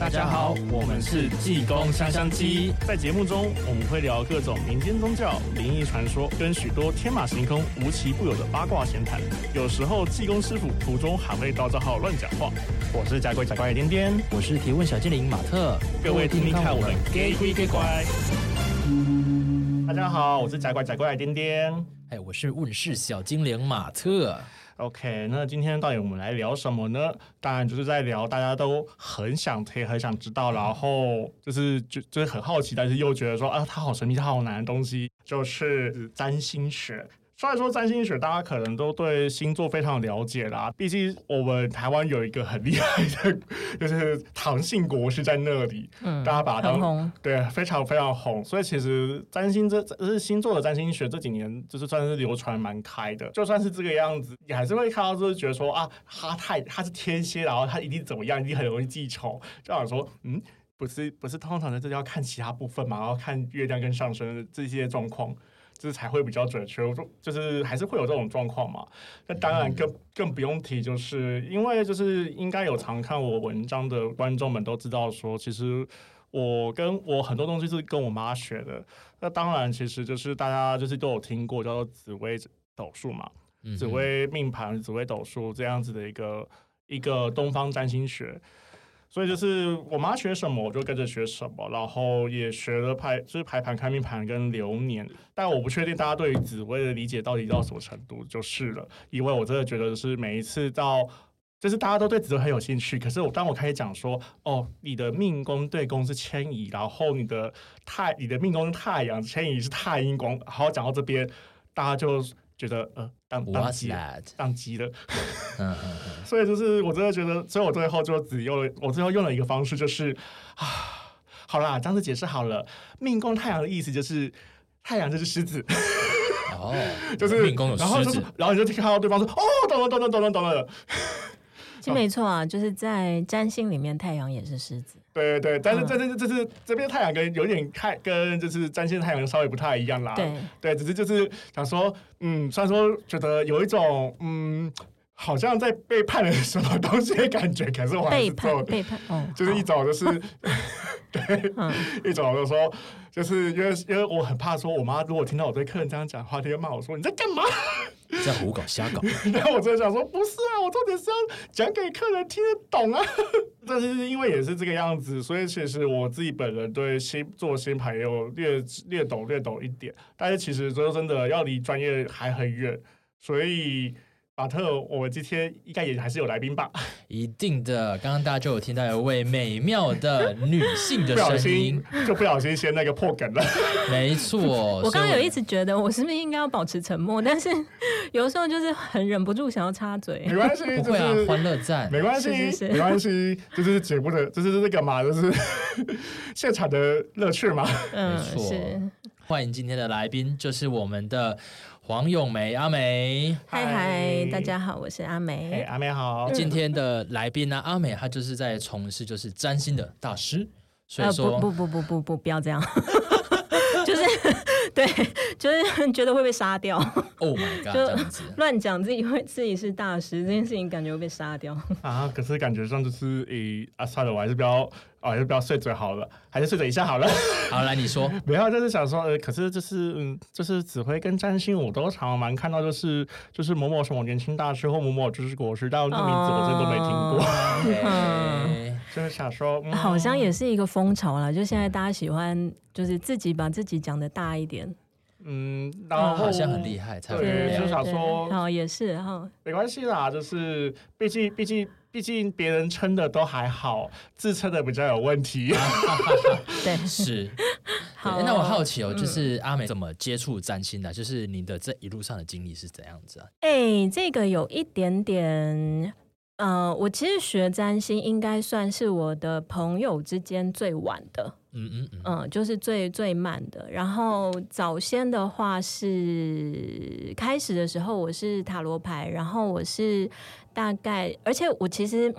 大家好，我們是濟公香香乩。在節目中，我們會聊各種民間宗教、靈異傳說，跟許多天馬行空、無奇不有的八卦閒談。有時候，濟公師傅途中還會到，賬號亂講話。我是甲鬼甲怪的顛顛，我是提問小精靈馬特。各位聽聽看，我們甲鬼甲怪。大家好，我是甲鬼甲怪的顛顛。哎，我是問世小精靈馬特。OK，那今天到底我們來聊什麼呢？當然就是在聊大家都很想推，很想知道，然後就是就就是很好奇，但是又覺得說啊，它好神秘，它好難的東西，就是占星學。雖然說占星學，大家可能都對星座非常了解啦，畢竟我們台灣有一個很厲害的，就是唐國師在那裡，嗯，大家把它當很紅，對，非常非常紅，所以其實占星這這是星座的占星學這幾年就是算是流傳蠻開的，就算是這個樣子，你還是會看到就是覺得說啊，他太他是天蠍，然後他一定怎麼樣，一定很容易記仇，就想說嗯，不是不是通常的，這要看其他部分嘛，然後看月亮跟上升的這些狀況。這、就是、才會比較準確，我說就是還是會有這種狀況嘛。那當然更更不用提，就是因為就是應該有常看我文章的觀眾們都知道說，說其實我跟我很多東西是跟我媽學的。那當然，其實就是大家就是都有聽過叫做紫微斗數嘛，嗯嗯，紫微命盤、紫微斗數這樣子的一個一個東方占星學。所以就是我媽學什麼，我就跟着學什麼，然後也學了排，就是排盤、開命盤跟流年。但我不確定大家對於紫微的理解到底到什麼程度，就是了。因為我真的覺得是每一次到，就是大家都對紫微很有興趣，可是我當我開始講說，哦，你的命宮對宮是遷移，然後你的太，你的命宮是太陽，遷移是太陰宮，好，講到這邊，大家就。覺得呃，當宕機，當機了。當機的 所以就是我真的覺得，所以我最後就只用了，我最後用了一個方式，就是啊，好啦，這樣子解釋好了。命宮太陽的意思就是太陽就是獅子，哦、oh, 就是命宮有獅子然後、就是，然後你就看到對方說，哦，懂了，懂了，懂了，懂了。其實沒錯啊，就是在占星裡面，太陽也是獅子。對對對，但是這這這這是這邊太陽跟有點看，跟就是占星太陽稍微不太一樣啦。對對，只是就是想說，嗯，雖然說覺得有一種嗯，好像在背叛了什麼東西的感覺，可是我還是做背叛背叛就是一種就是，啊、 對、嗯，一種就是說，就是因為因為我很怕說，我媽如果聽到我對客人這樣講話，她就罵我說你在幹嘛。在胡搞瞎搞、啊， 然後我就想說，不是啊，我重點是要講給客人聽得懂啊。 但是因為也是這個樣子，所以其實我自己本人對新做新朋友也有略略懂略懂一點，但是其實說真的，要離專業還很遠，所以。馬特，我們今天應該也還是有來賓吧？一定的，剛剛大家就有聽到有一位美妙的女性的聲音， 就不小心先那個破梗了。沒錯、哦，我剛剛有一直覺得我是不是應該要保持沉默， 但是有的時候就是很忍不住想要插嘴。沒關係、就是，不會啊，歡樂戰，沒關係，沒關係，就是節目的，就是那個嘛，就是現場的樂趣嘛。嗯、沒錯。歡迎今天的來賓，就是我們的。王永梅，阿梅，嗨嗨，大家好，我是阿梅，hey, 阿梅好、嗯。今天的來賓呢、啊，阿梅她就是在從事就是占星的大師，所以說、呃、不不不不不不，不要這樣。 對，就是覺得會被殺掉。Oh my god！就亂講自己會自己是大師這件事情，感覺會被殺掉。啊，可是感覺上就是，誒、欸，啊，算了，我還是不要較，啊、還是不要碎嘴好了，還是碎嘴一下好了。好，來，你說，不 要，就是想說，呃，可是就是，嗯，就是紫微跟占星，我都常常蠻看到，就是就是某某什麼年輕大師或某某就是國師，但那名字我真的都沒聽過。Oh, okay. 就是想說、嗯，好像也是一個風潮啦。就現在大家喜歡，就是自己把自己講的大一點，嗯，好像很厲害，嗯、對，對，對，對，就想說，哦，也是哈、哦，沒關係啦，就是畢竟畢竟畢竟別人稱的都還好，自稱的比較有問題，啊、 對，是 對、好、哦欸。那我好奇哦、喔，就是阿美怎麼接觸占星的？就是你的這一路上的經歷是怎樣子啊？哎、欸，這個有一點點。嗯、呃，我其實學占星應該算是我的朋友之間最晚的，嗯嗯嗯，呃、就是最最慢的。然後早先的話是開始的時候我是塔羅牌，然後我是大概，而且我其實，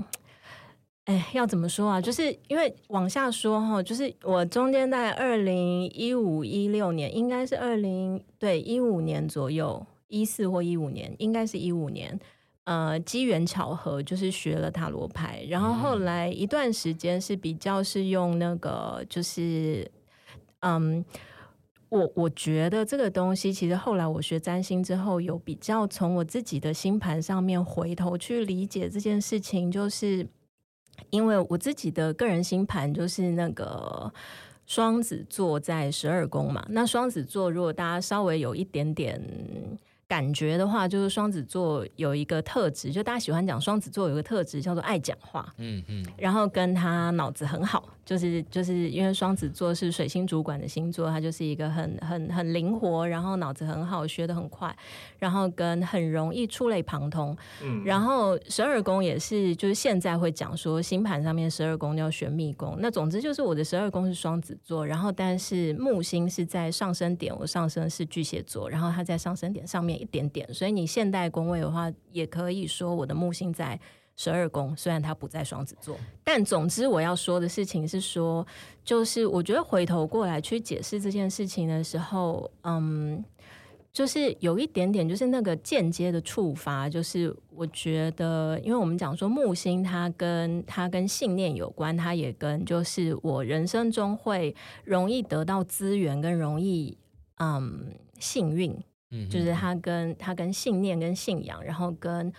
哎，要怎麼說啊？就是因為往下說哈、哦，就是我中間在二零一五一六年，應該是二零對一五年左右，一四或一五年，應該是一五年。呃，機緣巧合就是學了塔羅牌，然後後來一段時間是比較是用那個，就是嗯，我我覺得這個東西，其實後來我學占星之後，有比較從我自己的星盤上面回頭去理解這件事情，就是因為我自己的個人星盤就是那個雙子座在十二宮嘛，那雙子座如果大家稍微有一點點。感覺的話，就是雙子座有一個特質，就大家喜歡講雙子座有一個特質叫做愛講話，嗯嗯，然後跟他腦子很好。就是就是因為雙子座是水星主管的星座，它就是一個很很很靈活，然後腦子很好，學得很快，然後跟很容易觸類旁通。嗯，然後十二宮也是，就是現在會講說星盤上面十二宮叫玄秘宮。那總之就是我的十二宮是雙子座，然後但是木星是在上升點，我上升是巨蟹座，然後它在上升點上面一點點，所以你現代宮位的話，也可以說我的木星在。十二宮雖然他不在雙子座，但總之我要說的事情是說，就是我覺得回頭過來去解釋這件事情的時候，嗯，就是有一點點，就是那個間接的觸發，就是我覺得，因為我們講說木星它跟它跟信念有關，它也跟就是我人生中會容易得到資源跟容易嗯幸運，嗯，嗯就是它跟它跟信念跟信仰，然後跟。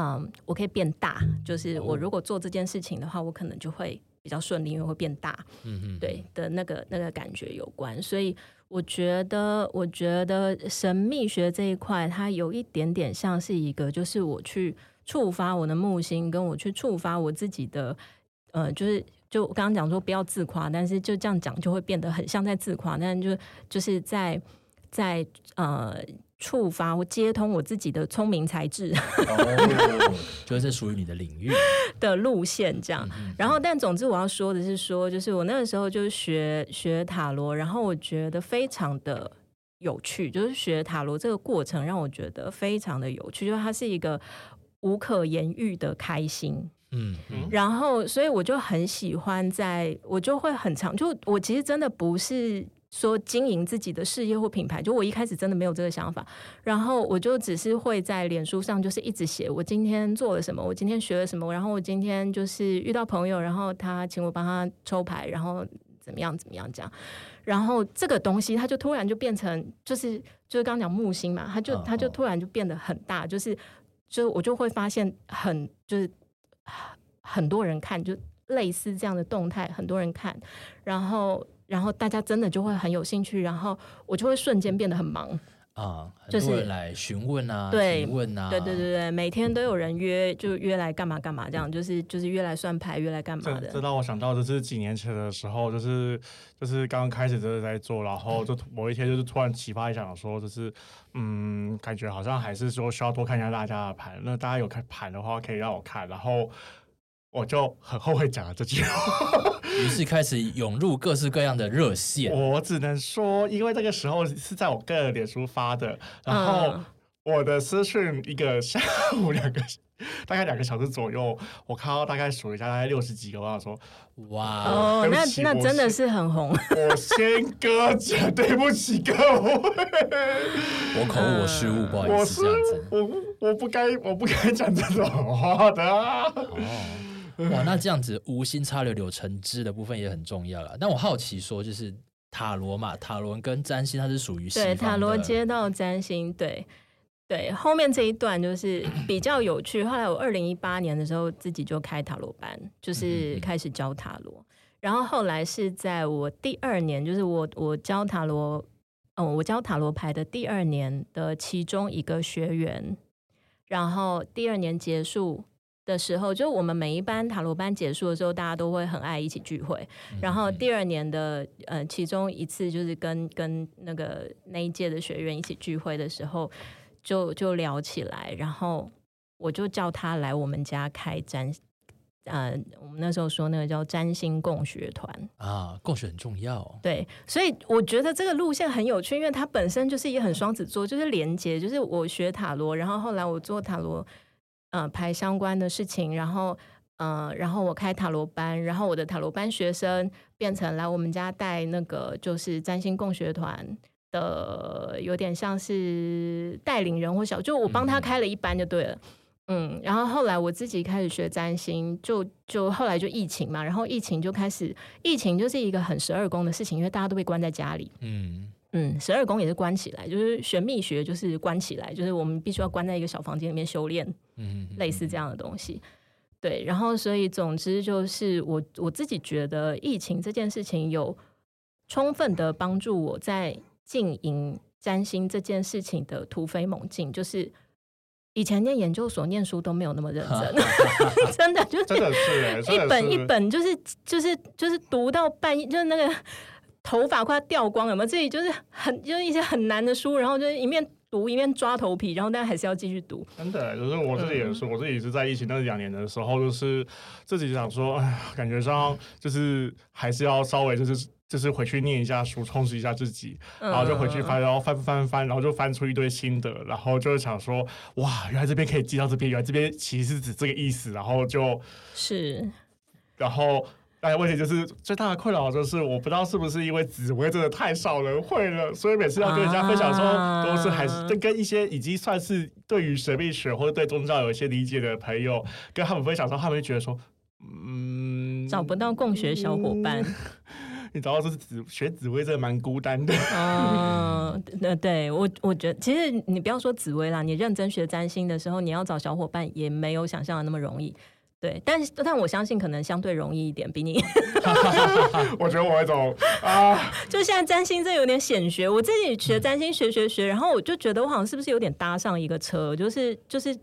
嗯，我可以變大，就是我如果做這件事情的話，我可能就會比較順利，因為會變大。嗯嗯，對的那個那個感覺有關，所以我覺得，我覺得神秘學這一塊，它有一點點像是一個，就是我去觸發我的木星，跟我去觸發我自己的，呃，就是就剛剛講說不要自誇，但是就這樣講就會變得很像在自誇，但是就就是在在呃。觸發我接通我自己的聰明才智、oh,，oh, oh, oh, oh, oh. 就是屬於你的領域的路線這樣。 然後，但總之我要說的是說，說就是我那個時候就是學學塔羅，然後我覺得非常的有趣，就是學塔羅這個過程讓我覺得非常的有趣，就是它是一個無可言喻的開心。嗯， 然後所以我就很喜歡在，在我就會很常，就我其實真的不是。說經營自己的事業或品牌，就我一開始真的沒有這個想法，然後我就只是會在臉書上就是一直寫我今天做了什麼，我今天學了什麼，然後我今天就是遇到朋友，然後他請我幫他抽牌，然後怎麼樣怎麼樣這樣，然後這個東西他就突然就變成就是就是剛剛講木星嘛，他就他就突然就變得很大，就是就我就會發現很就是很多人看就類似這樣的動態，很多人看，然後。然後大家真的就會很有興趣，然後我就會瞬間變得很忙啊，就是來詢問啊，對問啊，對對對對，每天都有人約，就約來幹嘛幹嘛這樣，嗯、就是就是約來算牌，約來幹嘛的。這讓我想到就是幾年前的時候，就是，就是就是剛剛開始真的在做，然後就某一天就是突然奇葩一想說，就是嗯，感覺好像還是說需要多看一下大家的盤。那大家有看盤的話，可以讓我看，然後。我就很後悔講了這句話，於 是開始湧入各式各樣的熱線。我只能說，因為這個時候是在我個人臉書發的，然後我的私訊一個下午兩個，大概兩個小時左右，我看到大概數一下，大概六十幾個。我說，哇，哦，那那真的是很紅。 我先割講，對不起各位， 我口誤，我失誤，不好意思，uh, 我不，我不該，我不該講這種話的啊。Oh. 哇，那這樣子無心插柳柳成枝的部分也很重要了。但我好奇說，就是塔羅嘛，塔羅跟占星它是屬於西方的。對，塔羅接到占星，對對。後面這一段就是比較有趣。咳咳後來我二零一八年的時候自己就開塔羅班，就是開始教塔羅，嗯嗯嗯。然後後來是在我第二年，就是我我教塔羅，嗯，我教塔羅牌的第二年的其中一個學員，然後第二年結束。的時候，就我們每一班塔羅班結束的時候，大家都會很愛一起聚會。嗯、然後第二年的呃，其中一次就是跟跟那個那一屆的學員一起聚會的時候，就就聊起來，然後我就叫他來我們家開占，嗯、呃，我們那時候說那個叫占星共學團啊，共學很重要。對，所以我覺得這個路線很有趣，因為它本身就是一個很雙子座，就是連接，就是我學塔羅，然後後來我做塔羅。嗯、呃，排相關的事情，然後，呃，然後我開塔羅班，然後我的塔羅班學生變成來我們家帶那個，就是占星共學團的，有點像是帶領人或小，就我幫他開了一班就對了，嗯，嗯，然後後來我自己開始學占星，就就後來就疫情嘛，然後疫情就開始，疫情就是一個很十二宮的事情，因為大家都被關在家裡，嗯嗯，十二宮也是關起來，就是玄秘學就是關起來，就是我們必須要關在一個小房間裡面修煉。嗯，類似這樣的東西，對，然後所以總之就是我我自己覺得疫情這件事情有充分的幫助我在經營占星這件事情的突飛猛進，就是以前念研究所念書都沒有那麼認真 真的就是一本一本就是就是、就是、就是讀到半夜，就是那個頭髮快要掉光有沒有，了嘛，這裡就是很就是一些很難的書，然後就是一面。讀一邊抓頭皮，然後但還是要繼續讀。真的，就是我自己也是，嗯、我自己也是在疫情那兩年的時候，就是自己想說，哎呀，感覺上就是還是要稍微就是就是回去念一下書，充實一下自己，然後就回去翻，嗯、然後翻翻翻，然後就翻出一堆心得，然後就是想說，哇，原來這邊可以記到這邊，原來這邊其實是指這個意思，然後就是，然後。哎，問題就是最大的困擾就是，我不知道是不是因為紫微真的太少人會了，所以每次要跟人家分享說、啊，都是還是跟一些已經算是對於神秘學或者對宗教有一些理解的朋友，跟他們分享說，他們覺得說，嗯，找不到共學小夥伴，嗯、你找到、就是紫學紫微，真的蠻孤單的。嗯、 呃，那對我，我覺得其實你不要說紫微啦，你認真學占星的時候，你要找小夥伴也沒有想象的那麼容易。對，但但我相信可能相對容易一點，比你 我覺得我有一種啊，就現在占星這有點顯學，我自己學占星學學學，然後我就覺得我好像是不是有點搭上一個車，就是就是，因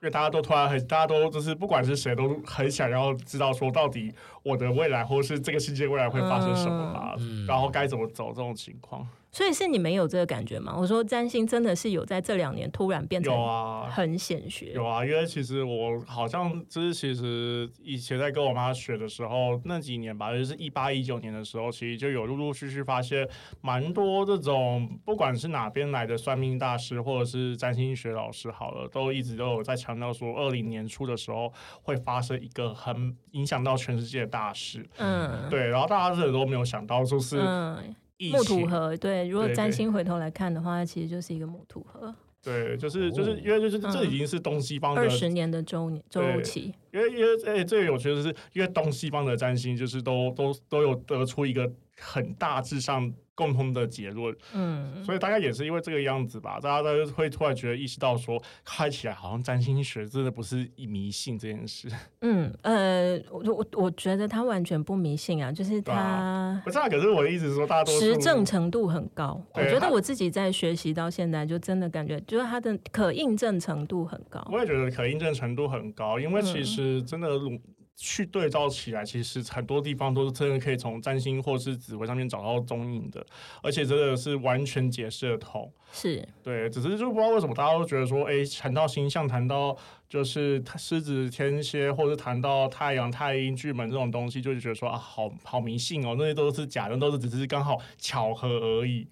為大家都突然很，大家都就是不管是誰都很想要知道說到底我的未來或是這個世界未來會發生什麼嘛、嗯，然後該怎麼走這種情況。所以是你們有這個感覺嗎？我說占星真的是有在這兩年突然變得有啊，很顯學有啊，因為其實我好像就是其實以前在跟我媽學的時候那幾年吧，就是一八一九年的時候，其實就有陸陸續續發現蠻多這種不管是哪邊來的算命大師或者是占星學老師好了，都一直都有在強調說二零年初的時候會發生一個很影響到全世界的大事，嗯，對，然後大家這裡都沒有想到，就是。嗯一木土合，對，如果占星回頭來看的話，其實就是一個木土合。對，就是就是，哦，因為就是這已經是東西方二十，嗯，年的周年周期。因為因為誒，這，哎，有趣的是因為東西方的占星就是都都都有得出一個很大致上。共同的結論，嗯，所以大概也是因為這個樣子吧，大家都會突然覺得意識到說，看起來好像占星學真的不是迷信這件事。嗯，呃，我我，我覺得他完全不迷信啊，就是他，啊，不是，啊，可是我的意思是說大，大實證程度很高。我覺得我自己在學習到現在，就真的感覺，就是他的可印證程度很高。我也覺得可印證程度很高，因為其實真的。嗯去對照起來，其實很多地方都是真的可以從占星或是紫微上面找到蹤影的，而且真的是完全解釋得通。是對，只是就不知道為什麼大家都覺得說，哎、欸，談到星象，談到就是獅子、天蠍，或者談到太陽、太陰、巨門這種東西，就覺得說啊，好好迷信哦，那些都是假的，都是只是剛好巧合而已。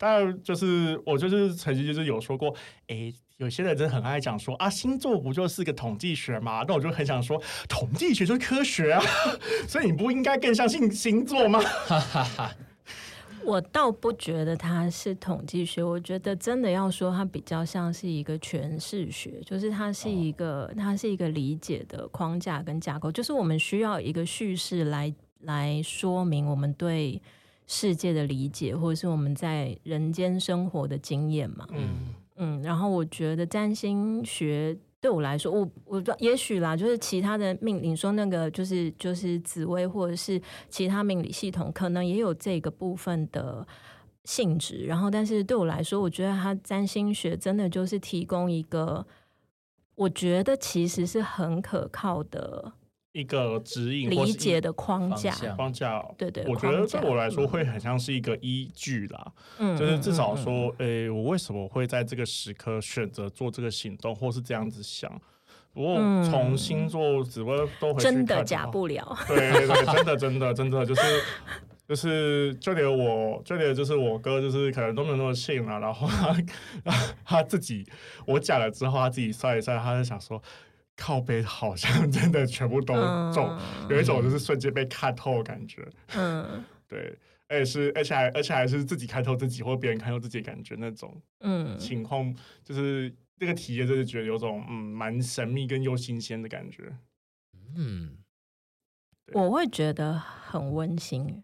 但就是我就是曾經就是有說過，哎、欸。有些人真的很愛講說啊，星座不就是個統計學嘛？那我就很想說，統計學就是科學啊，所以你不應該更相信星座嗎？哈哈哈。我倒不覺得它是統計學，我覺得真的要說，它比較像是一個詮釋學，就是它是一個、哦、它是一個理解的框架跟架構，就是我們需要一個敘事來來說明我們對世界的理解，或者是我們在人間生活的經驗嘛。嗯。嗯，然後我覺得占星學對我來說，我我也許啦，就是其他的命你說那個就是就是紫微或者是其他命理系統，可能也有這個部分的性質。然後，但是對我來說，我覺得他占星學真的就是提供一個，我覺得其實是很可靠的。一個指引理解的框架。框架對對，我覺得對我來說會很像是一個依據啦，嗯，就是至少說，哎、嗯嗯嗯欸，我為什麼會在這個時刻選擇做這個行動，或是這樣子想。不過從星座，只不過都真的假不了，對，對對，真的真的真的就是 就是，就是、就連我，就連就是我哥，就是可能都沒有那麼信了、啊。然後他，他自己，我講了之後，他自己算一算，他就想說。靠北，好像真的全部都中，嗯，有一種就是瞬間被看透的感覺。嗯， 對，而且是而且還而且還是自己看透自己或別人看透自己的感覺那種。嗯，情況就是這個體驗，就是覺得有種嗯蠻神秘跟又新鮮的感覺。嗯，我會覺得很溫馨，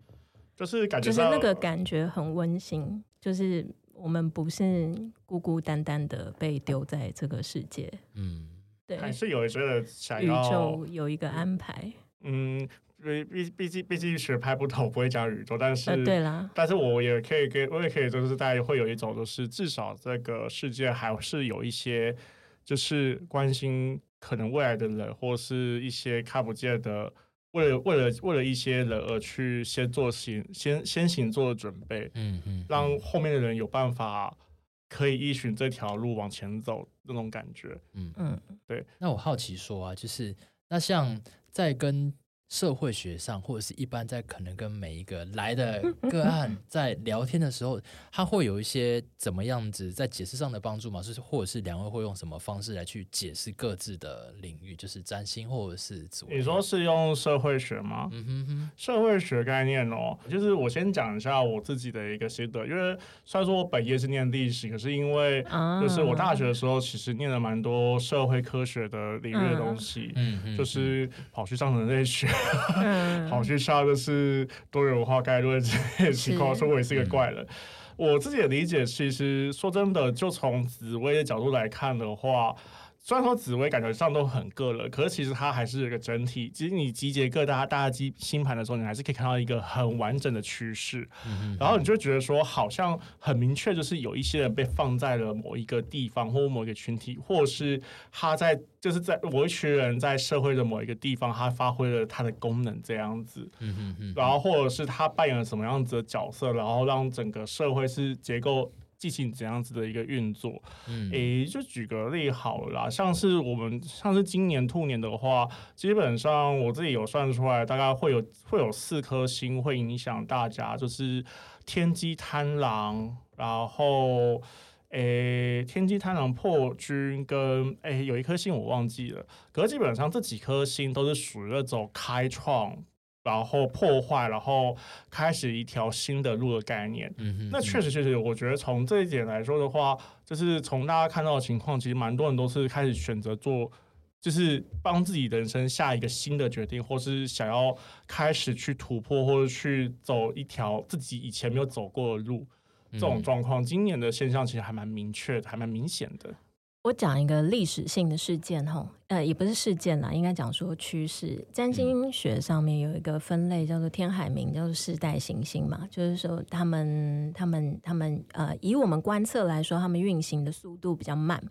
就是感覺就是那個感覺很溫馨，就是我們不是孤孤單單的被丟在這個世界。嗯。對，還是有一些人想要宇宙有一個安排。嗯，畢畢畢竟畢竟學派不同，不會講宇宙，但是、呃、對啦，但是我也可以給我也可以，就是大家會有一種，就是至少這個世界還是有一些，就是關心可能未來的人，或是一些看不見的，為了為了為了一些人而去先做行先先行做的準備。嗯嗯，讓後面的人有辦法。可以依循這條路往前走，那種感覺，嗯嗯，對。那我好奇說啊，就是那像在跟。社會學上，或者是一般在可能跟每一個來的個案在聊天的時候， 他會有一些怎麼樣子在解釋上的幫助嗎？就是，或者是兩位會用什麼方式來去解釋各自的領域，就是占星或者是？你說是用社會學嗎？嗯哼哼。社會學概念哦，就是我先講一下我自己的一個心得，因為雖然說我本業是念歷史，可是因為就是我大學的時候其實念了蠻多社會科學的領域的東西，嗯哼哼，就是跑去上人類學。 好，去下的是多元文化概論這些情況，說我也是個怪人。我自己的理解，其實說真的，就從紫微的角度來看的話，雖然說紫微感覺上都很個人，可是其實它還是一個整體。其實你集結各大大家集星盤的時候，你還是可以看到一個很完整的趨勢。嗯嗯。然後你就覺得說，好像很明確，就是有一些人被放在了某一個地方，或某一個群體，或者是他在就是在某一群人在社會的某一個地方，他發揮了他的功能這樣子。嗯嗯，然後或者是他扮演了什麼樣子的角色，然後讓整個社會是結構進行怎樣子的一個運作？誒、嗯，欸，就舉個例好了啦，像是我們像是今年兔年的話，基本上我自己有算出來，大概會有會有四顆星會影響大家，就是天機貪狼，然後誒、欸、天機貪狼破軍跟誒、欸、有一顆星我忘記了，可是基本上這幾顆星都是屬於那種開創。然後破壞，然後開始一條新的路的概念。嗯嗯，那確實確實，我覺得從這一點來說的話，就是從大家看到的情況，其實蠻多人都是開始選擇做，就是幫自己的人生下一個新的決定，或是想要開始去突破，或者去走一條自己以前沒有走過的路，這種狀況，嗯。今年的現象其實還蠻明確的，還蠻明顯的。我講一個歷史性的事件吼，呃，也不是事件啦，應該講說趨勢。占星學上面有一個分類叫做天海冥，叫做世代行星嘛，就是說他們、他們、他們，呃，以我們觀測來說，他們運行的速度比較慢。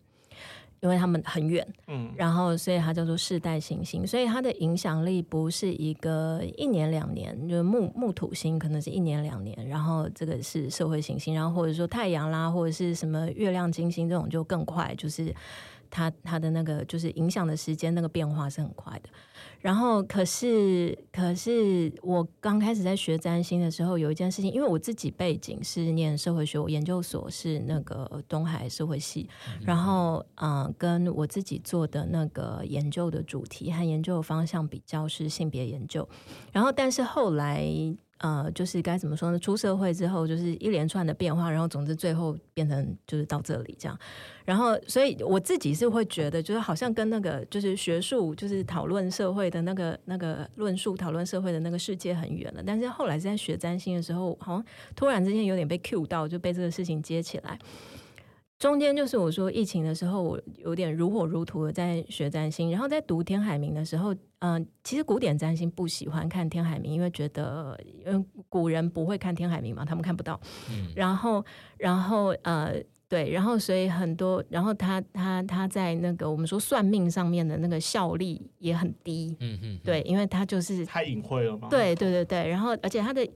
因為他們很遠，嗯，然後所以它叫做世代行星，所以它的影響力不是一個一年兩年，就是，木木土星可能是一年兩年，然後這個是社會行星，然後或者說太陽啦，或者是什麼月亮、金星這種就更快，就是。他，他的那個就是影響的時間那個變化是很快的，然後可是可是我剛開始在學占星的時候，有一件事情，因為我自己背景是念社會學我研究所，是那個東海社會系，嗯、然後嗯、呃，跟我自己做的那個研究的主題和研究的方向比較是性別研究，然後但是後來。呃，就是該怎麼說呢？出社會之後，就是一連串的變化，然後總之最後變成就是到這裡這樣。然後，所以我自己是會覺得，就是好像跟那個就是學術，就是討論社會的那個那個論述，討論社會的那個世界很遠了。但是後來在學占星的時候，好像突然之間有點被 cue 到，就被這個事情接起來。中間就是我說疫情的時候，我有點如火如荼的在學占星，然後在讀天海冥的時候，嗯、呃，其實古典占星不喜歡看天海冥，因為覺得，嗯，古人不會看天海冥嘛，他們看不到。嗯。然後，然後，呃，對，然後，所以很多，然後他他他在那個我們說算命上面的那個效力也很低。嗯哼哼，對，因為他就是太隱晦了嘛。對，對對對對。然後，而且他的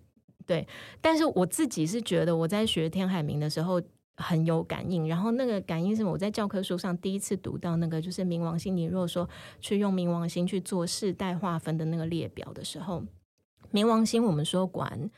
對，但是我自己是覺得我在學天海冥的時候，很有感應，然後那個感應是我在教科書上第一次讀到那個，就是冥王星。你如果說去用冥王星去做世代劃分的那個列表的時候，冥王星我們說管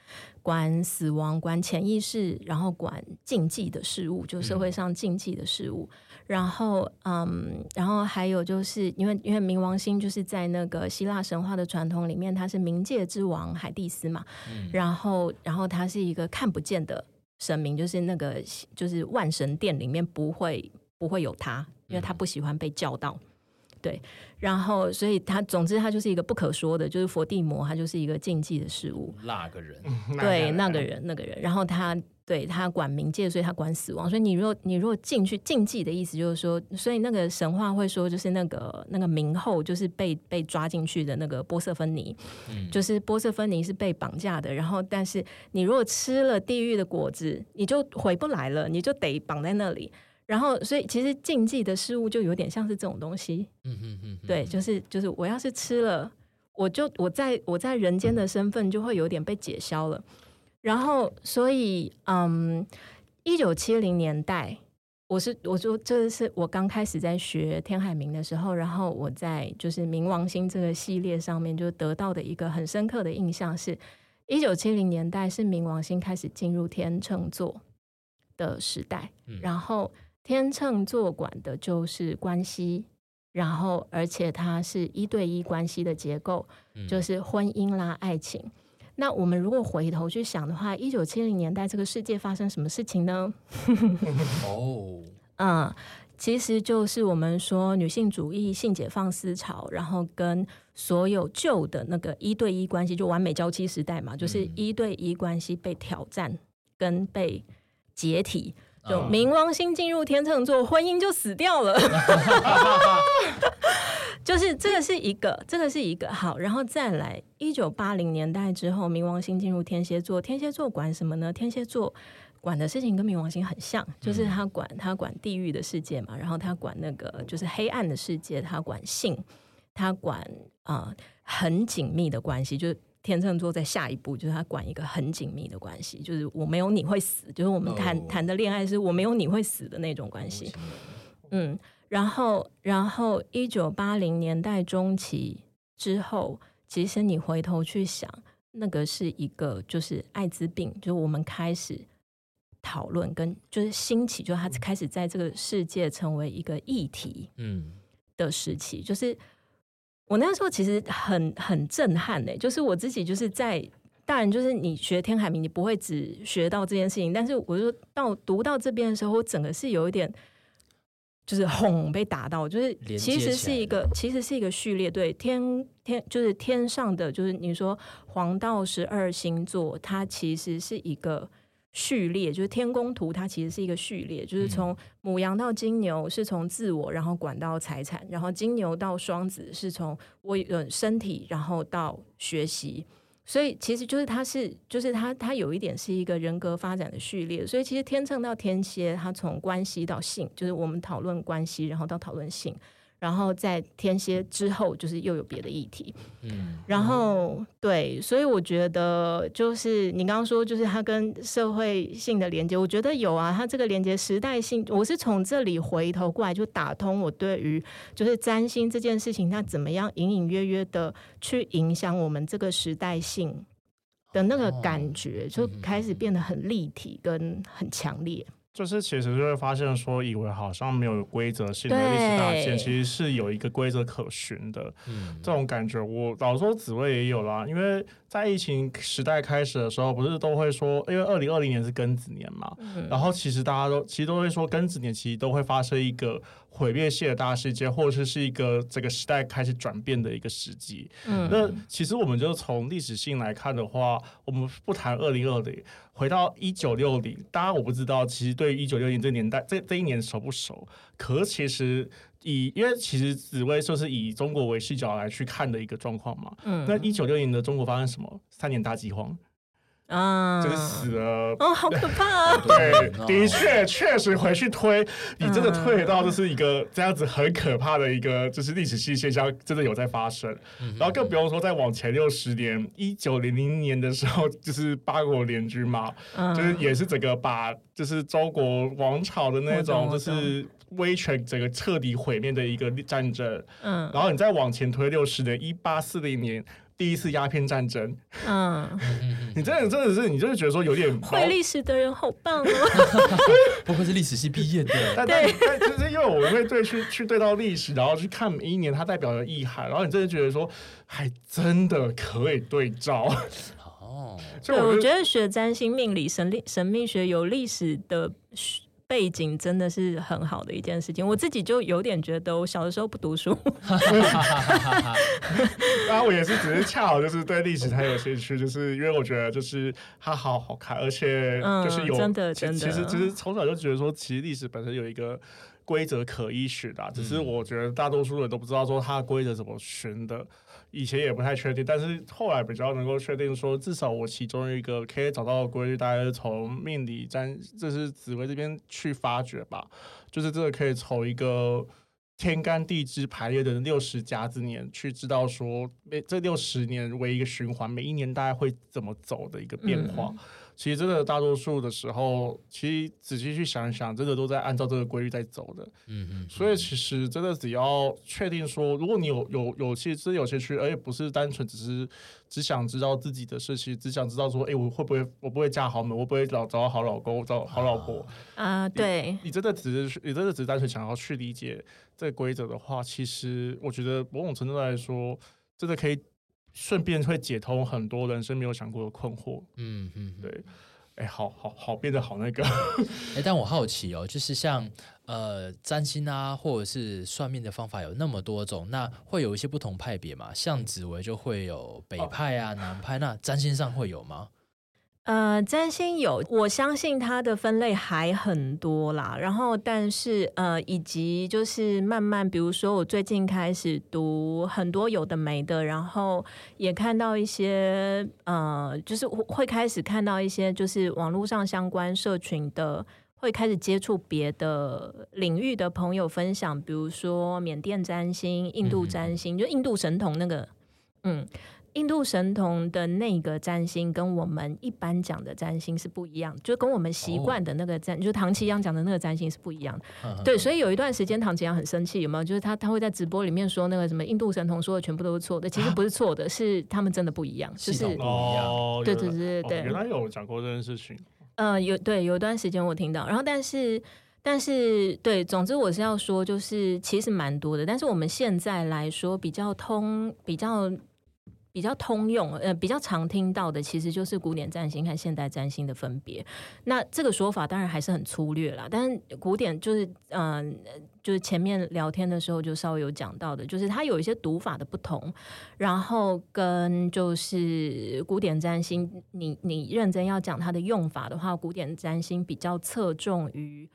管死亡、管潛意識，然後管禁忌的事物，就社會上禁忌的事物。嗯、然後，嗯，然後還有就是因為因為冥王星就是在那個希臘神話的傳統裡面，它是冥界之王海蒂斯嘛。然後，然後它是一個看不見的。神明就是那個，就是萬神殿裡面不會不會有他，因為他不喜歡被叫到、嗯。對，然後所以他總之他就是一個不可說的，就是佛地魔，他就是一個禁忌的事物。那個人？對 那來來來，那個人，那個人，然後他。對，他管冥界，所以他管死亡。所以你若你若進去禁忌的意思，就是說，所以那個神話會說，就是那個那個冥後就是被被抓進去的那個波瑟芬妮、嗯，就是波瑟芬妮是被綁架的。然後，但是你如果吃了地獄的果子，你就回不來了，你就得綁在那裡。然後，所以其實禁忌的事物就有點像是這種東西。嗯嗯嗯，對，就是就是我要是吃了，我就我在我在人間的身份就會有點被解消了。嗯嗯然後，所以，嗯，一九七零年代，我是我就這是我剛開始在學天海冥的時候，然後我在就是冥王星這個系列上面就得到的一個很深刻的印象是，一九七零年代是冥王星開始進入天秤座的時代，然後天秤座管的就是關係，然後而且它是一對一關係的結構，就是婚姻啦、愛情。那我們如果回頭去想的話，一九七零年代這個世界發生什麼事情呢？哦 ，嗯，其實就是我們說女性主義、性解放思潮，然後跟所有舊的那個一對一關係，就完美嬌妻時代嘛，就是一對一關係被挑戰跟被解體。就冥王星進入天秤座，婚姻就死掉了。 就是這個是一個，嗯、這個是一個，好，然後再來一九八零年代之後，冥王星進入天蠍座，天蠍座管什麼呢？天蠍座管的事情跟冥王星很像，就是他管他管地獄的世界嘛，然後他管那個就是黑暗的世界，他管性，他管啊、呃、很緊密的關係，就是。天秤座在下一步就是他管一個很緊密的關係，就是我沒有你會死，就是我們談、oh. 談的戀愛是我沒有你會死的那種關係。Oh, 嗯，然後，然後一九八零年代中期之後，其實你回頭去想，那個是一個就是艾滋病，就是我們開始討論跟就是興起，就是、就是它開始在這個世界成為一個議題，嗯的時期，oh. 嗯、就是。我那時候其實很很震撼呢，就是我自己就是在，當然就是你學天海冥，你不會只學到這件事情，但是我就到讀到這邊的時候，我整個是有一點就是轟被打到，就是其實是一個其實是一個，其實是一個序列，對，天天就是天上的，就是你說黃道十二星座，它其實是一個。序列，就是天宮圖，它其實是一個序列，就是從牡羊到金牛是從自我，然後管到財產，然後金牛到雙子是從我身體，然後到學習，所以其實就是它是就是它它有一點是一個人格發展的序列，所以其實天秤到天蠍，它從關係到性，就是我們討論關係，然後到討論性。然後在天蠍之後，就是又有別的議題。嗯，然後對，所以我覺得就是你剛剛說，就是它跟社會性的連接，我覺得有啊。它這個連接時代性，我是從這裡回頭過來，就打通我對於就是占星這件事情，它怎麼樣隱隱約約的去影響我們這個時代性的那個感覺，就開始變得很立體跟很強烈。就是其實就會發現說，以為好像沒有規則性的歷史大線，其實是有一個規則可循的。這種感覺，我老說紫微也有啦，因為在疫情時代開始的時候，不是都會說，因為二零二零年是庚子年嘛，然後其實大家都其實都會說庚子年其實都會發生一個。毀滅性的大事件，或者是是一個這個時代開始轉變的一個時機。嗯，那其實我們就從歷史性來看的話，我們不談二零二零，回到一九六零。大家，我不知道其實對一九六零這年代這這一年熟不熟。可其實以，因為其實紫微就是以中國為視角來去看的一個狀況嘛。嗯，那一九六零的中國發生什麼？三年大饑荒。啊，就是死了。哦、oh,，好可怕，啊！ 對， 的確確，確 實回去推，你真的推得到就是一個這樣子很可怕的一個，就是歷史性現象真的有在發生。嗯、然後更不用說再往前六十年，一九零零年的時候，就是八國聯軍嘛，uh, 就是也是整個把就是中國王朝的那種就是威權整個徹底毀滅的一個戰爭。嗯，然後你再往前推六十年，一八四零年。第一次鴉片戰爭，嗯， 你真的真的是你就是覺得說有點，對歷史的人好棒哦、喔 不愧是歷史系畢業的， 但對但但就是因為我們會對去去對照歷史，然後去看每一年它代表的意涵，然後你真的覺得說，還真的可以對照哦就。對，我覺得學占星命理、神力，神秘學有歷史的學。背景真的是很好的一件事情，我自己就有點覺得，我小的時候不讀書。哈哈哈哈哈！當然我也是，只是恰好就是對歷史才有興趣， 就是因為我覺得就是它好好看，而且就是有、嗯、真的、真的。其實其實從小就覺得說，其實歷史本身有一個規則可依循的，只是我覺得大多數人都不知道說它的規則怎麼循的。以前也不太確定，但是後來比較能夠確定說，說至少我其中一個可以找到規律，大概是從命理占，這、就是紫微這邊去發掘吧，就是這個可以從一個天干地支排列的六十甲子年去知道說，每這六十年為一個循環，每一年大概會怎麼走的一個變化。嗯其實真的，大多數的時候，其實仔細去想一想，真的都在按照這個規律在走的。嗯哼嗯哼。所以其實真的，只要確定說，如果你有有有，其實真有些區，哎，不是單純只是只想知道自己的事情，只想知道說，哎、欸，我會不會，我不會嫁豪門，我不會老找找到好老公，找好老婆。啊、哦呃，對。你真的只是，你真的只是單純想要去理解這規則的話，其實我覺得某種程度來說，真的可以。順便會解通很多人生沒有想過的困惑。嗯嗯，對，哎、欸，好好好，變得好那個。哎、 欸，但我好奇哦，就是像呃占星啊，或者是算命的方法有那麼多種，那會有一些不同派別嘛？像紫微就會有北派啊、哦、南派，那占星上會有嗎？呃，占星有，我相信它的分類還很多啦。然後，但是呃，以及就是慢慢，比如說我最近開始讀很多有的沒的，然後也看到一些呃，就是會開始看到一些就是網絡上相關社群的，會開始接觸別的領域的朋友分享，比如說緬甸占星、印度占星，嗯、就印度神童那個，嗯。印度神童的那個占星跟我們一般講的占星是不一樣的，就跟我們習慣的那個占，哦、就是、唐綺陽講的那個占星是不一樣的。嗯、對，所以有一段時間唐綺陽很生氣，有沒有？就是他他會在直播裡面說那個什麼印度神童說的全部都是錯的，其實不是錯的、啊，是他們真的不一樣，就是、哦、對、就是、對對對、哦、原來有講過這件事情。嗯、呃，有對，有一段時間我聽到，然後但是但是對，總之我是要說，就是其實蠻多的，但是我們現在來說比較通比較。比較通用，呃，比較常聽到的其實就是古典占星和現代占星的分別。那這個說法當然還是很粗略啦，但是古典就是，嗯、呃，就是前面聊天的時候就稍微有講到的，就是它有一些讀法的不同，然後跟就是古典占星，你你認真要講它的用法的話，古典占星比較側重於。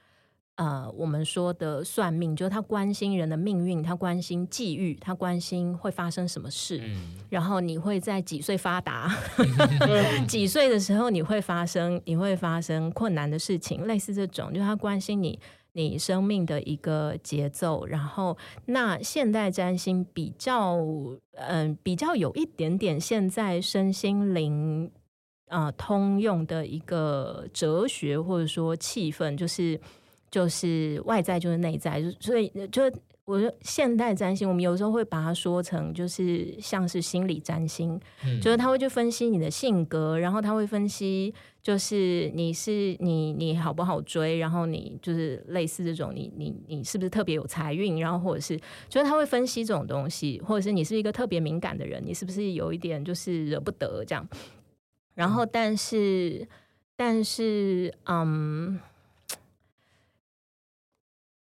呃，我們說的算命，就是他關心人的命運，他關心際遇，他關心會發生什麼事。嗯、然後你會在幾歲發達？ 幾歲的時候你會發生？你會發生困難的事情？類似這種，就他關心你，你生命的一個節奏。然後，那現代占星比較，嗯、呃，比較有一點點現在身心靈啊、呃、通用的一個哲學，或者說氣氛，就是。就是外在就是內在，所以就我現代占星，我們有時候會把它說成就是像是心理占星，嗯、就是他會去分析你的性格，然後他會分析就是你是你你好不好追，然後你就是類似這種你你你是不是特別有財運，然後或者是就是他會分析這種東西，或者是你是一個特別敏感的人，你是不是有一點就是惹不得這樣，然後但是但是嗯。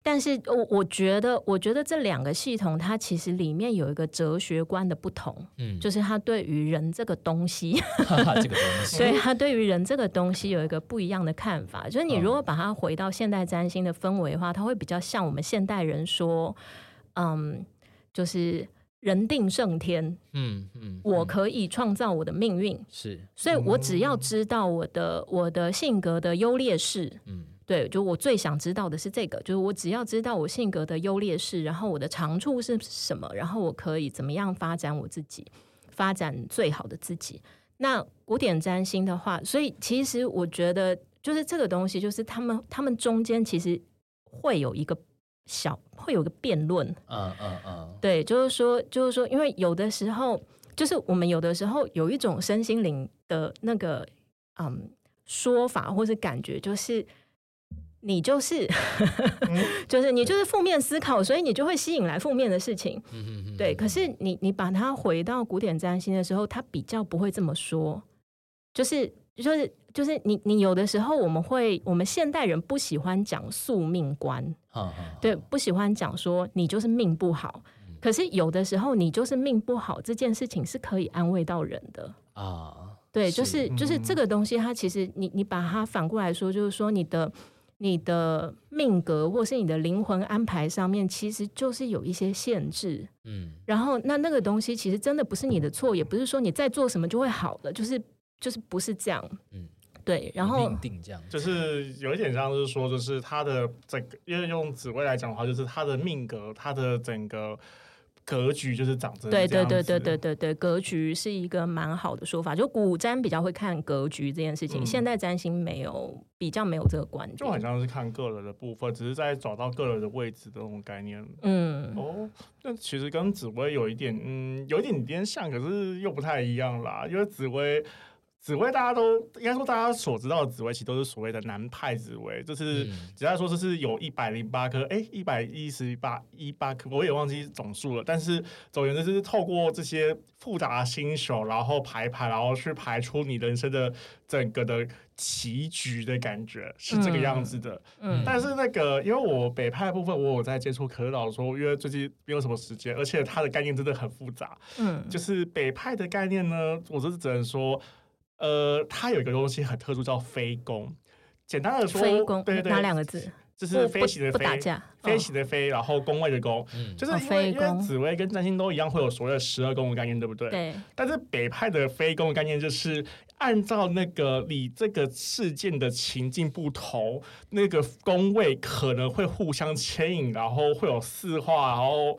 但是我我覺得，我覺得這兩個系統它，其實裡面有一個哲學觀的不同，嗯，就是它對於人這個東西， 這個東西，對，它對於人這個東西有一個不一樣的看法。Okay. 就是你如果把它回到現代占星的氛圍的話，Oh. 它會比較像我們現代人說，嗯，就是人定勝天，嗯嗯，我可以創造我的命運，是，所以我只要知道我的、嗯、我的性格的優劣勢，嗯。對，就我最想知道的是這個，就是我只要知道我性格的優劣勢，然後我的長處是什麼，然後我可以怎麼樣發展我自己，發展最好的自己。那古典占星的話，所以其實我覺得，就是這個東西，就是他們他們中間其實會有一個小，會有個辯論。嗯嗯嗯。對，就是說，就是說，因為有的時候，就是我們有的時候有一種身心靈的那個嗯說法或是感覺，就是。你就是、 嗯，就是你就是負面思考，所以你就會吸引來負面的事情、嗯嗯。對，可是你你把它回到古典占星的時候，他比較不會這麼說，就是就是就是你你有的時候我們會，我們現代人不喜歡講宿命觀、啊，對，不喜歡講說你就是命不好、嗯。可是有的時候你就是命不好這件事情是可以安慰到人的、啊、對，就是就是這個東西，它其實你你把它反過來說，就是說你的。你的命格，或是你的靈魂安排上面，其實就是有一些限制，嗯。然後，那那個東西其實真的不是你的錯，嗯、也不是說你在做什麼就會好的，就是就是不是這樣，嗯，對。然後命定這樣，就是有一點像是說，就是他的整個，因為用紫微來講的話，就是他的命格，他的整個。格局就是長這樣。對對對對對對對，格局是一個蠻好的說法。就古占比較會看格局這件事情，現代占星沒有比較沒有這個觀念。就好像是看個人的部分，只是在找到個人的位置這種概念。嗯，哦，那其實跟紫微有一點，嗯，有一點點像，可是又不太一樣啦，因為紫微。紫薇，大家都應該說大家所知道的紫薇其實都是所謂的南派紫薇，就是、嗯、只要說這是有一百零八顆，哎、欸，一百一十八一八顆，我也忘記總數了。但是，總而言之，就是透過這些複雜的星宿，然後排排，然後去排出你人生的整個的棋局的感覺，是這個樣子的嗯。嗯，但是那個，因為我北派的部分，我有在接觸可導的時候，因為最近沒有什麼時間，而且它的概念真的很複雜。嗯，就是北派的概念呢，我就是只能說。呃，它有一個東西很特殊，叫飛宮。簡單的說，飛宮哪兩個字？就是飛行的飛，嗯飛行的飛哦、然後宮位的宮、嗯。就是因為、哦、飛宮因為紫微跟占星都一樣會有所謂的十二宮的概念，對不對？對。但是北派的飛宮的概念就是按照那個你這個事件的情境不同，那個宮位可能會互相牽引，然後會有四化，然後。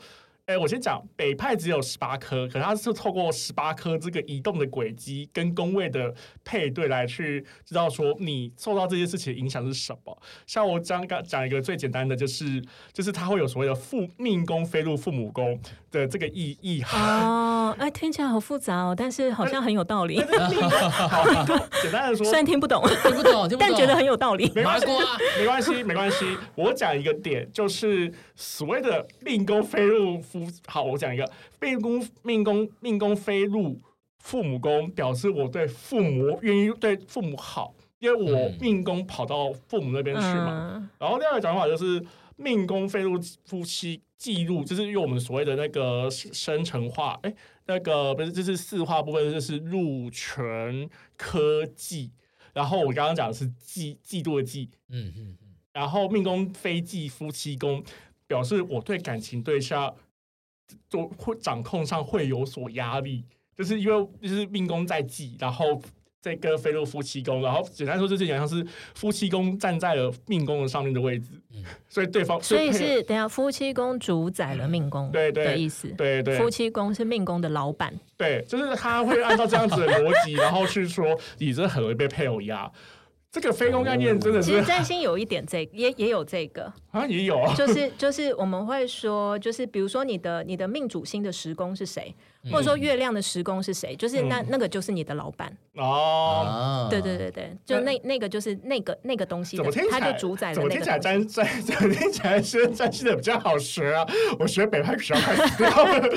哎，我先講北派只有十八顆，可是他是透過十八顆這個移動的軌跡跟宮位的配對來去知道說你受到這些事情的影響是什麼。像我剛剛講一個最簡單的，就是就是他會有所謂的父命宮飛入父母宮的這個意義。哦，哎， 聽起來好複雜哦，但是好像很有道理。 簡單的說， 雖然聽不， 聽不懂，聽不懂，但覺得很有道理。沒關係，沒關係。我講一個點就是。所謂的命宮飛入夫，好，我講一個命宮，命宮，命宮飛入父母宮，表示我對父母願意對父母好，因為我命宮跑到父母那邊去嘛。嗯、然後第二個講法就是命宮飛入夫妻忌入，就是用我們所謂的那個生辰化，哎、欸，那個不是，就是四化部分就是祿權科忌。然後我剛剛講的是忌忌妒的忌，嗯嗯，然後命宮飛忌夫妻宮。表示我對感情對象做會掌控上會有所壓力，就是因為就是命宮在忌，然後這個飛入夫妻宮，然後簡單說就是好像是夫妻宮站在了命宮的上面的位置，嗯、所以對方所以是等下夫妻宮主宰了命宮，對對的意思，嗯、對對、對、對、對、對，夫妻宮是命宮的老板，對，就是他會按照這樣子的邏輯， 然後去說你這很容易被配偶壓。這個飛宮概念真的是。其實占星有一點這，這也也有這個啊，也有，就是就是我們會說，就是比如說你的你的命主星的時宮是誰，嗯，或者說月亮的時宮是誰，就是那、嗯、那個就是你的老板哦，對對對對，就那那個就是那個那個東西的，怎麼聽起來？怎麼聽起來占是占星的比較好學啊？我學北派比較快。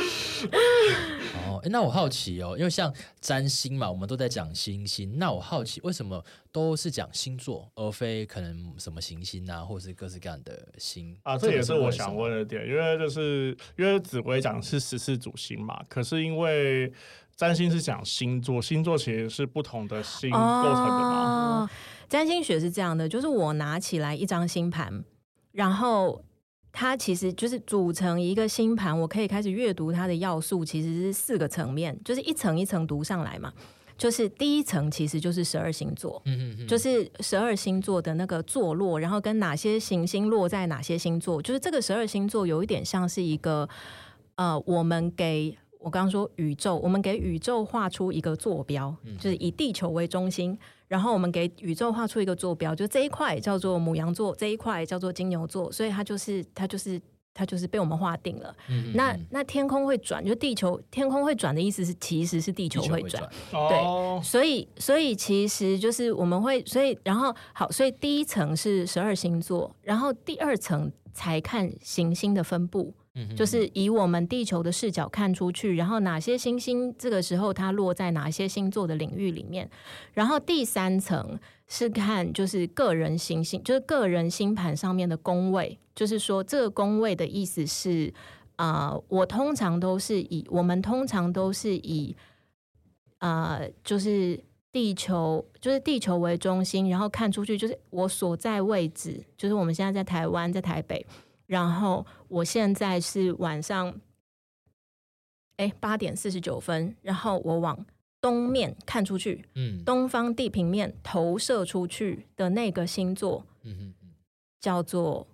誒，那我好奇哦，因為像占星嘛，我們都在講星星。那我好奇，為什麼都是講星座，而非可能什麼行星啊，或是各式各樣的星？啊，這也是我想問的點，因為就是、嗯、因為紫微講是十四主星嘛，可是因為占星是講星座，星座其實是不同的星構成的嘛。哦、占星學是這樣的，就是我拿起來一張星盤，然後。它其實就是組成一個星盤，我可以開始閱讀它的要素，其實是四個層面，就是一層一層讀上來嘛。就是第一層其實就是十二星座，就是十二星座的那個坐落，然後跟哪些行星落在哪些星座，就是這個十二星座有一點像是一個呃，我們給。我剛剛說宇宙，我們給宇宙畫出一個坐標，嗯，就是以地球為中心，然後我們給宇宙畫出一個坐標，就這一塊叫做牡羊座，這一塊叫做金牛座，所以它就是它就是它就是被我們劃定了。嗯嗯嗯，那那天空會轉，就地球天空會轉的意思是，其實是地球會轉。會轉對，哦，所以所以其實就是我們會，所以然後好，所以第一層是十二星座，然後第二層才看行星的分布。 就是以我們地球的視角看出去，然後哪些星星這個時候它落在哪些星座的領域裡面。然後第三層是看就是個人星星，就是個人星盤上面的宮位。就是說這個宮位的意思是啊、呃，我通常都是以我們通常都是以啊、呃，就是地球就是地球為中心，然後看出去就是我所在位置，就是我們現在在台灣，在台北，然後。我現在是晚上，哎，八點四十九分，然後我往東面看出去，嗯，東方地平面投射出去的那個星座，嗯哼，叫做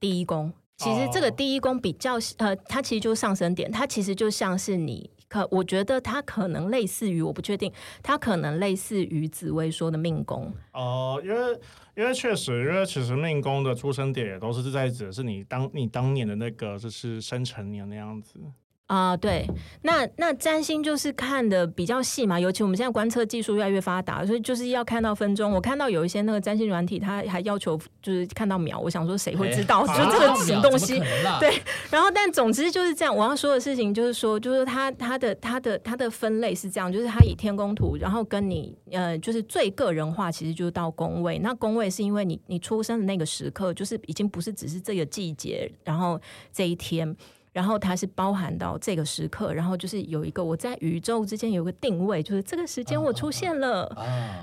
第一宮。其實這個第一宮比較，呃，它其實就是上升點，它其實就像是你。可我覺得他可能類似於，我不確定，他可能類似於紫微說的命宮哦。呃，因為因為確實，因為其實命宮的出生點也都是在指的是你當你當年的那個就是生辰年那樣子。啊、呃，對，那那占星就是看得比較細嘛，尤其我們現在觀測技術越來越發達，所以就是要看到分鐘。我看到有一些那個占星軟體，他還要求就是看到秒。我想說，誰會知道？欸、就這個什麼東西、啊麼啊？對。然後，但總之就是這樣。我要說的事情就是說，就是他他的他的他的分類是這樣，就是他以天宮圖，然後跟你呃，就是最個人化，其實就是到宮位。那宮位是因為你你出生的那個時刻，就是已經不是只是這個季節，然後這一天。然後它是包含到這個時刻，然後就是有一個我在宇宙之間有個定位，就是這個時間我出現了，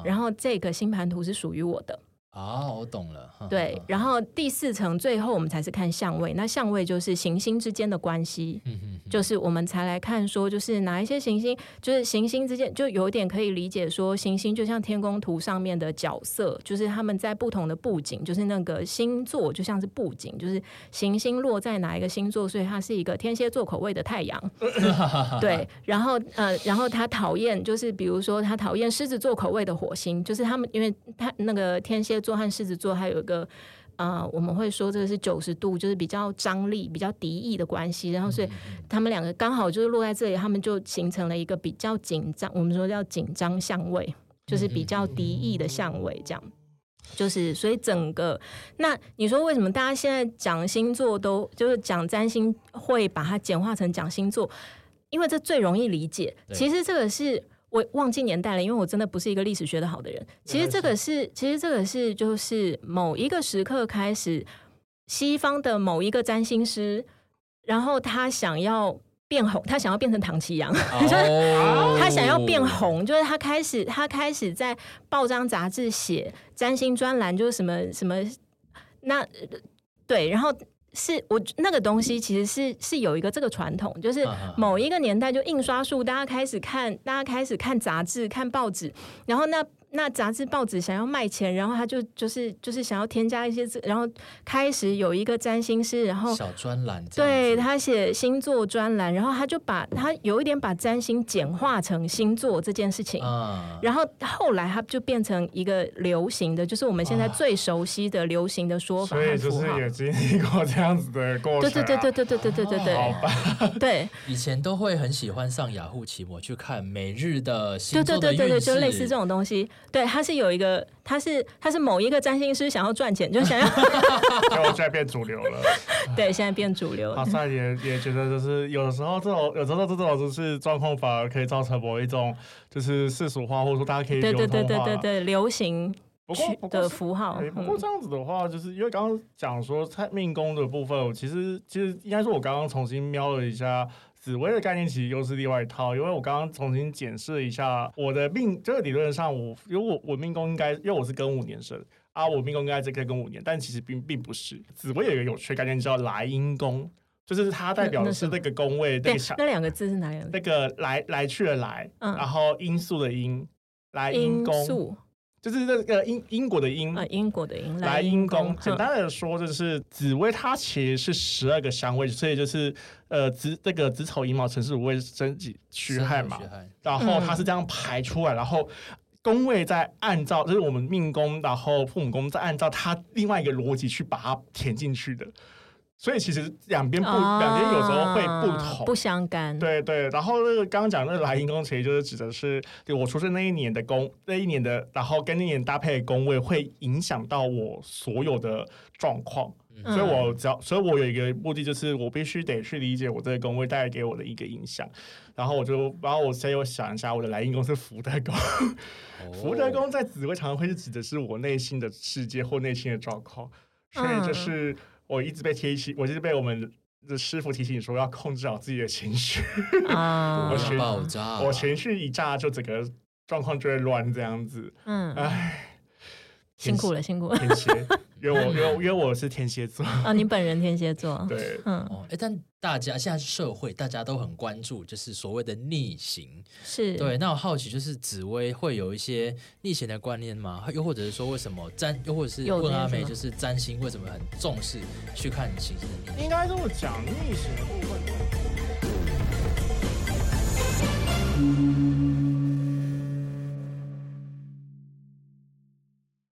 然後這個星盤圖是屬於我的。啊、哦，我懂了呵呵。對，然後第四層最後我們才是看相位，那相位就是行星之間的關係， 就是我們才來看說，就是哪一些行星，就是行星之間就有點可以理解說，行星就像天宮圖上面的角色，就是他們在不同的布景，就是那個星座就像是布景，就是行星落在哪一個星座，所以它是一個天蠍座口味的太陽。 對，然後呃，然後他討厭就是比如說他討厭獅子座口味的火星，就是他們因為他那個天蠍。座和獅子座還有一個，啊、呃，我們會說這個是九十度，就是比較張力、比較敵意的關係。然後，所以他們兩個剛好就是落在這裡，他們就形成了一個比較緊張，我們說叫緊張相位，就是比較敵意的相位。這樣，就是所以整個，那你說為什麼大家現在講星座都，都就是講占星會把它簡化成講星座？因為這最容易理解。其實這個是。我忘記年代了，因為我真的不是一個歷史學的好的人。其實這個是，其實這個是，就是某一個時刻開始，西方的某一個占星師，然後他想要變紅，他想要變成唐綺陽，哦、 他想要變紅，就是他開始，他開始在報章雜誌寫占星專欄，就是什麼什麼，那對，然後。是我那個東西，其實是是有一個這個傳統，就是某一個年代就印刷術，大家開始看，大家開始看雜誌、看報紙，然後那。那雜志報紙想要賣錢，然後他就就是就是想要添加一些，然後開始有一個占星師，然後小專欄，對他寫星座專欄，然後他就把他有一點把占星簡化成星座這件事情、嗯，然後後來他就變成一個流行的，就是我們現在最熟悉的流行的說法，啊、所以就是也經歷過這樣子的過程、啊，對對對對對對對對對,對,對,對,對,對,對,對， 對，以前都會很喜歡上雅虎奇摩去看每日的,星的對,對對對對對，就類似這種東西。對，他是有一個，他是他是某一個占星師想要賺錢，就想要 我，我 現在變主流了。對，現在變主流了。啊，所以也也覺得就是，有的時候這種，有時候，有時候這種就是狀況反而可以造成某一種，就是世俗化，或者說大家可以，對對對對對，流行的符號，不過，不過是，欸。不過這樣子的話，嗯、就是因為剛剛講說太命宮的部分，我其實其實應該說我剛剛重新瞄了一下。.紫微的概念其實又是另外一套，因為我剛剛重新檢視了一下我的命，這、就、個、是、理論上我，因為我我命宮應該，因為我是庚午年生啊，我命宮應該應該庚午年，但其實並並不是。紫微有一個有趣概念，叫來因宮，就是它代表的是那個宮位，那，那、那個那兩個字是哪裡？那個來來，來去的來，嗯、然後因素的因，來因宮。就是那個英英國的英，英國的英、啊、英國的英來英宮。簡單的說就是紫微它其實是十二個相位，所以就是呃子這個子丑寅卯辰巳午未申酉戌亥嘛，然後它是這樣排出來，嗯、然後宮位再按照就是我們命宮，然後父母宮再按照它另外一個邏輯去把它填進去的。所以其實兩邊不，oh, 兩邊有時候會不同，不相干。對對，然後那個剛剛講那個來因宮其實就是指的是，就我出生那一年的宮，那一年的，然後跟那年搭配的宮位會影響到我所有的狀況。Mm -hmm. 所以我只要，所以我有一個目的，就是我必須得去理解我這個宮位帶給我的一個影響。然後我就，然後我先我想一下我的來因宮是福德宮，oh. 福德宮在紫微常常會是指的是我內心的世界或內心的狀況，所以就是。Mm -hmm. 我一直被提醒，我一直被我們的師傅提醒說要控制好自己的情緒，um, 我情緒一炸，我情緒一炸，就整個狀況就會亂這樣子。嗯、um，唉。辛苦了，辛苦了天蠍，因為我因為因為我是天蠍座 啊，你本人天蠍座，對，嗯，哎、哦欸，但大家現在社會大家都很關注，就是所謂的逆行，是對。那我好奇，就是紫微會有一些逆行的觀念嗎？又或者是說，為什麼占？又或者是問阿梅，就是占星為什麼很重視去看行星的逆行？你應該這麼講，逆行的部分。